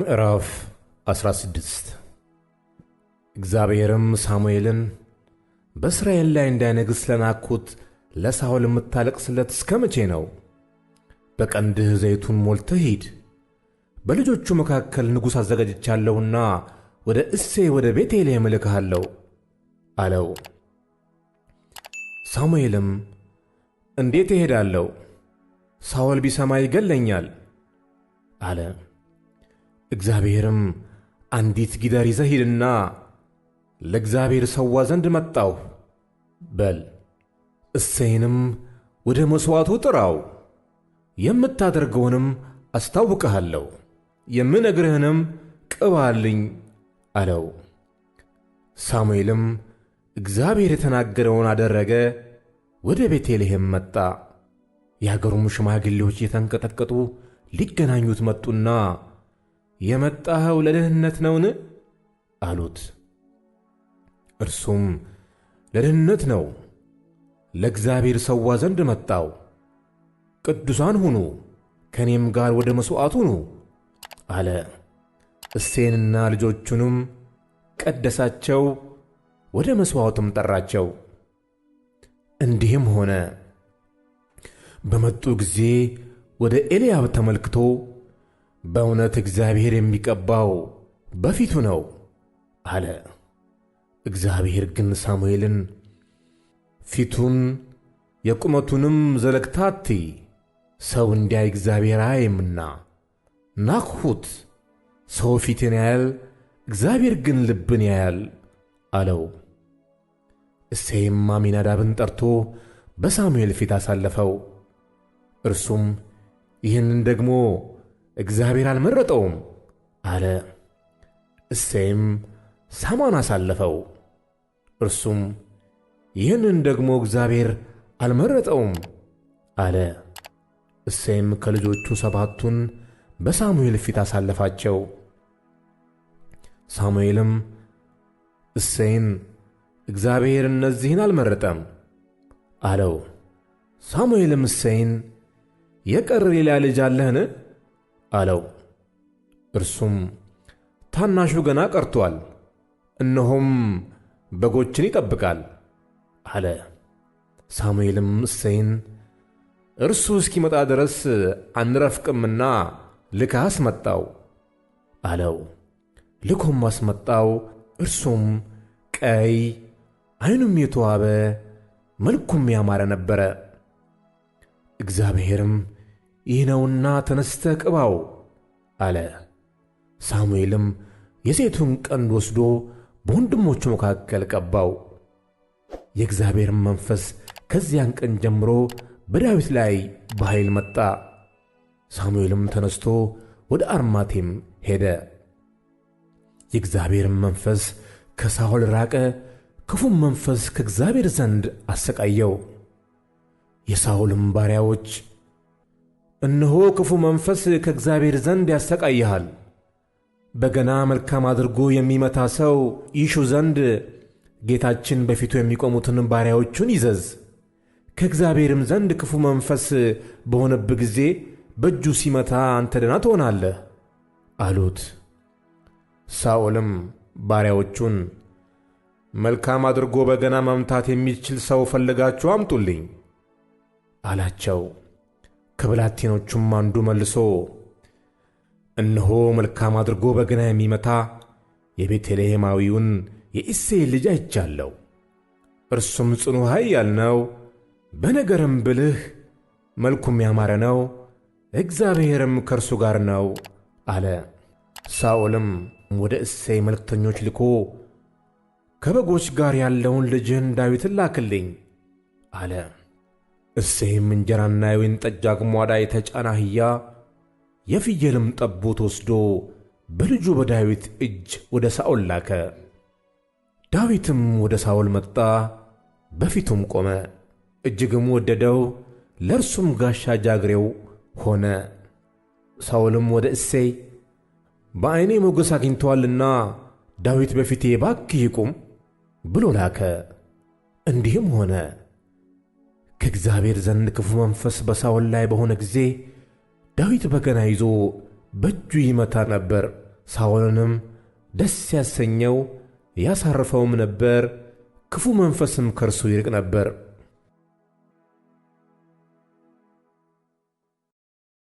ምዕራፍ 16 እግዚአብሔርም ሳሙኤልን በእስራኤል ላይ እንዳይነግሥ ለናኩት ለሳኦል የምታለቅስለት እስከ መቼ ነው? በቀንድህ ዘይቱን ሞልተህ ሂድ። በልጆቹ መካከል ንጉሥ አዘጋጅቻለሁና ወደ እሴይ ወደ ቤቴልሔም እልክሃለሁ አለው። ሳሙኤልም እንዴት እሄዳለሁ? ሳኦል ቢሰማ ይገለኛል አለ። እግዚአብሔርም አንዲት ጊደር ይዘህ ሂድና ለእግዚአብሔር ሰዋ ዘንድ መጣሁ በል፣ እሴይንም ወደ መሥዋዕቱ ጥራው፣ የምታደርገውንም አስታውቅሃለሁ፣ የምነግርህንም ቅባልኝ አለው። ሳሙኤልም እግዚአብሔር የተናገረውን አደረገ፣ ወደ ቤተልሔም መጣ። የአገሩም ሽማግሌዎች የተንቀጠቀጡ ሊገናኙት መጡና የመጣኸው ለድህነት ነውን? አሉት። እርሱም ለድህነት ነው፣ ለእግዚአብሔር ሰዋ ዘንድ መጣው። ቅዱሳን ሁኑ፣ ከእኔም ጋር ወደ መሥዋዕት ሁኑ አለ። እሴንና ልጆቹንም ቀደሳቸው፣ ወደ መሥዋዕቱም ጠራቸው። እንዲህም ሆነ፤ በመጡ ጊዜ ወደ ኤልያብ ተመልክቶ በእውነት እግዚአብሔር የሚቀባው በፊቱ ነው አለ። እግዚአብሔር ግን ሳሙኤልን ፊቱን የቁመቱንም ዘለግታ አትይ፣ ሰው እንዲያይ እግዚአብሔር አያይምና ናቅሁት። ሰው ፊትን ያያል፣ እግዚአብሔር ግን ልብን ያያል አለው። እሴይም አሚናዳብን ጠርቶ በሳሙኤል ፊት አሳለፈው። እርሱም ይህንን ደግሞ እግዚአብሔር አልመረጠውም አለ። እሴይም ሳማን አሳለፈው። እርሱም ይህንን ደግሞ እግዚአብሔር አልመረጠውም አለ። እሴይም ከልጆቹ ሰባቱን በሳሙኤል ፊት አሳለፋቸው። ሳሙኤልም እሴይን እግዚአብሔር እነዚህን አልመረጠም አለው። ሳሙኤልም እሴይን የቀረ ሌላ ልጅ አለህን? አለው። እርሱም ታናሹ ገና ቀርቶአል፣ እነሆም በጎችን ይጠብቃል አለ። ሳሙኤልም እሰይን፣ እርሱ እስኪመጣ ድረስ አንረፍቅምና ልከህ አስመጣው አለው። ልኮም አስመጣው። እርሱም ቀይ፣ ዓይኑም የተዋበ መልኩም ያማረ ነበረ። እግዚአብሔርም ይህ ነውና ተነስተ ቅባው አለ። ሳሙኤልም የሴቱን ቀንድ ወስዶ በወንድሞቹ መካከል ቀባው። የእግዚአብሔርን መንፈስ ከዚያን ቀን ጀምሮ በዳዊት ላይ በኃይል መጣ። ሳሙኤልም ተነስቶ ወደ አርማቴም ሄደ። የእግዚአብሔርን መንፈስ ከሳኦል ራቀ፣ ክፉም መንፈስ ከእግዚአብሔር ዘንድ አሰቃየው። የሳኦልም ባሪያዎች እነሆ ክፉ መንፈስ ከእግዚአብሔር ዘንድ ያሰቃይሃል፣ በገና መልካም አድርጎ የሚመታ ሰው ይሹ ዘንድ ጌታችን በፊቱ የሚቆሙትን ባሪያዎቹን ይዘዝ። ከእግዚአብሔርም ዘንድ ክፉ መንፈስ በሆነብህ ጊዜ በእጁ ሲመታ አንተ ደና ትሆናለህ አሉት። ሳኦልም ባሪያዎቹን መልካም አድርጎ በገና መምታት የሚችል ሰው ፈልጋችሁ አምጡልኝ አላቸው። ከብላቴኖቹም አንዱ መልሶ እነሆ መልካም አድርጎ በገና የሚመታ የቤተልሔማዊውን የእሴይን ልጅ አይቻለሁ። እርሱም ጽኑ ኃያል ነው፣ በነገርም ብልህ፣ መልኩም ያማረ ነው፣ እግዚአብሔርም ከእርሱ ጋር ነው አለ። ሳኦልም ወደ እሴይ መልክተኞች ልኮ ከበጎች ጋር ያለውን ልጅህን ዳዊትን ላክልኝ አለ። እሴይም እንጀራና የወይን ጠጅ አግሟዳ የተጫነ አህያ የፍየልም ጠቦት ወስዶ በልጁ በዳዊት እጅ ወደ ሳኦል ላከ። ዳዊትም ወደ ሳኦል መጣ፣ በፊቱም ቆመ፣ እጅግም ወደደው፣ ለእርሱም ጋሻ ጃግሬው ሆነ። ሳኦልም ወደ እሴይ በዐይኔ ሞገስ አግኝተዋልና ዳዊት በፊቴ ባክ ይቁም ብሎ ላከ። እንዲህም ሆነ። ከእግዚአብሔር ዘንድ ክፉ መንፈስ በሳውል ላይ በሆነ ጊዜ ዳዊት በገና ይዞ በእጁ ይመታ ነበር። ሳውልንም ደስ ያሰኘው ያሳርፈውም ነበር፣ ክፉ መንፈስም ከእርሱ ይርቅ ነበር።